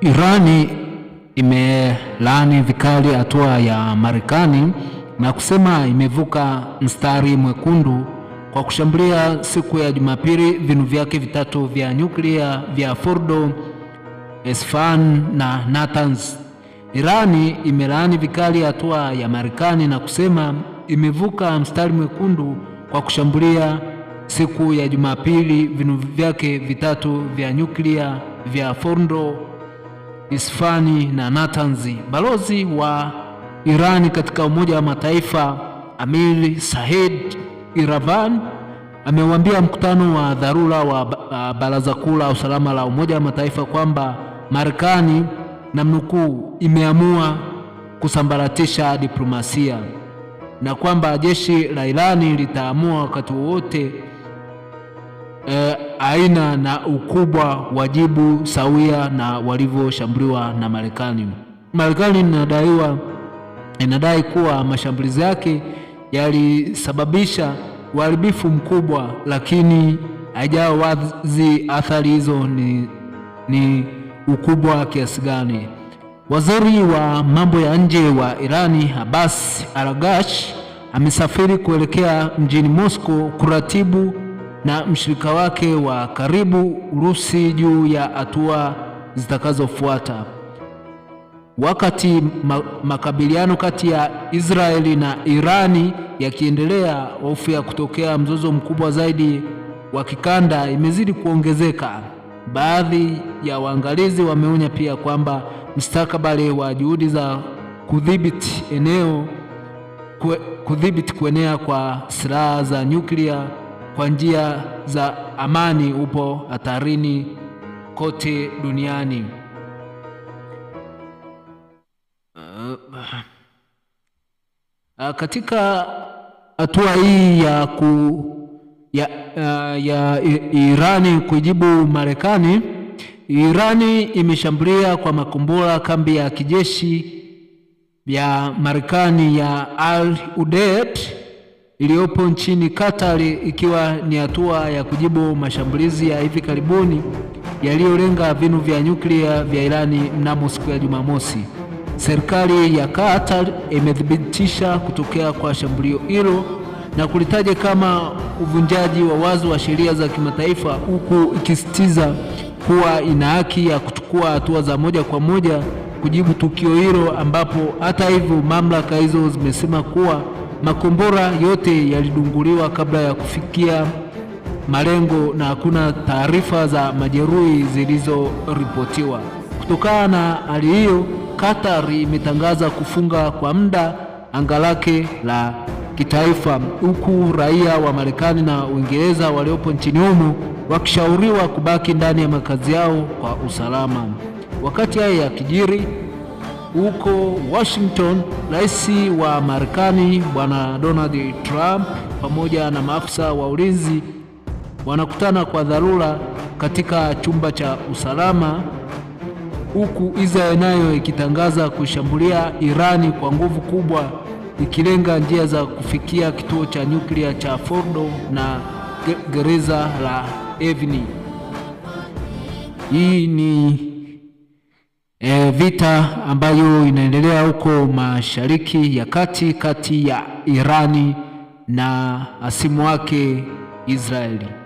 Irani imelaani vikali hatua ya Marekani na kusema imevuka mstari mwekundu kwa kushambulia siku ya Jumapili vinu vyake vitatu vya nyuklia vya Fordo, Esfahan na Natanz. Irani imelaani vikali hatua ya Marekani na kusema imevuka mstari mwekundu kwa kushambulia siku ya Jumapili vinu vyake vitatu vya nyuklia vya Fordo Isfani na Natanzi. Balozi wa Irani katika Umoja wa Mataifa Amir Said iravan amewaambia mkutano wa dharura wa Baraza Kuu la Usalama la Umoja wa Mataifa kwamba Marekani na mnukuu, imeamua kusambaratisha diplomasia na kwamba jeshi la Irani litaamua wakati wowote eh, aina na ukubwa wa jibu sawia na walivyoshambuliwa na Marekani. Marekani inadaiwa inadai kuwa mashambulizi yake yalisababisha uharibifu mkubwa, lakini haijawa wazi athari hizo ni, ni ukubwa kiasi gani. Waziri wa mambo ya nje wa Irani Abbas aragash amesafiri kuelekea mjini Moscow kuratibu na mshirika wake wa karibu Urusi juu ya hatua zitakazofuata. Wakati makabiliano kati ya Israeli na Irani yakiendelea, hofu ya kutokea mzozo mkubwa zaidi wa kikanda imezidi kuongezeka. Baadhi ya waangalizi wameonya pia kwamba mustakabali wa juhudi za kudhibiti eneo kudhibiti kuenea kwa silaha za nyuklia kwa njia za amani upo hatarini kote duniani. Uh, uh, katika hatua hii ya, ku, ya, uh, ya Irani kujibu Marekani, Irani imeshambulia kwa makombora kambi ya kijeshi ya Marekani ya Al Udeid iliyopo nchini Qatar, ikiwa ni hatua ya kujibu mashambulizi ya hivi karibuni yaliyolenga vinu vya nyuklia vya Irani mnamo siku ya Jumamosi. Serikali ya Qatar imethibitisha kutokea kwa shambulio hilo na kulitaja kama uvunjaji wa wazi wa sheria za kimataifa, huku ikisisitiza kuwa ina haki ya kuchukua hatua za moja kwa moja kujibu tukio hilo, ambapo hata hivyo mamlaka hizo zimesema kuwa Makombora yote yalidunguliwa kabla ya kufikia malengo na hakuna taarifa za majeruhi zilizoripotiwa. Kutokana na hali hiyo, Qatar imetangaza kufunga kwa muda anga lake la kitaifa, huku raia wa Marekani na Uingereza waliopo nchini humo wakishauriwa kubaki ndani ya makazi yao kwa usalama. Wakati haya yakijiri huko Washington, rais wa Marekani bwana Donald Trump pamoja na maafisa wa ulinzi wanakutana kwa dharura katika chumba cha usalama, huku Israel nayo ikitangaza kushambulia Irani kwa nguvu kubwa, ikilenga njia za kufikia kituo cha nyuklia cha Fordo na gereza la Evni. Hii ni vita ambayo inaendelea huko Mashariki ya Kati kati ya Irani na hasimu wake Israeli.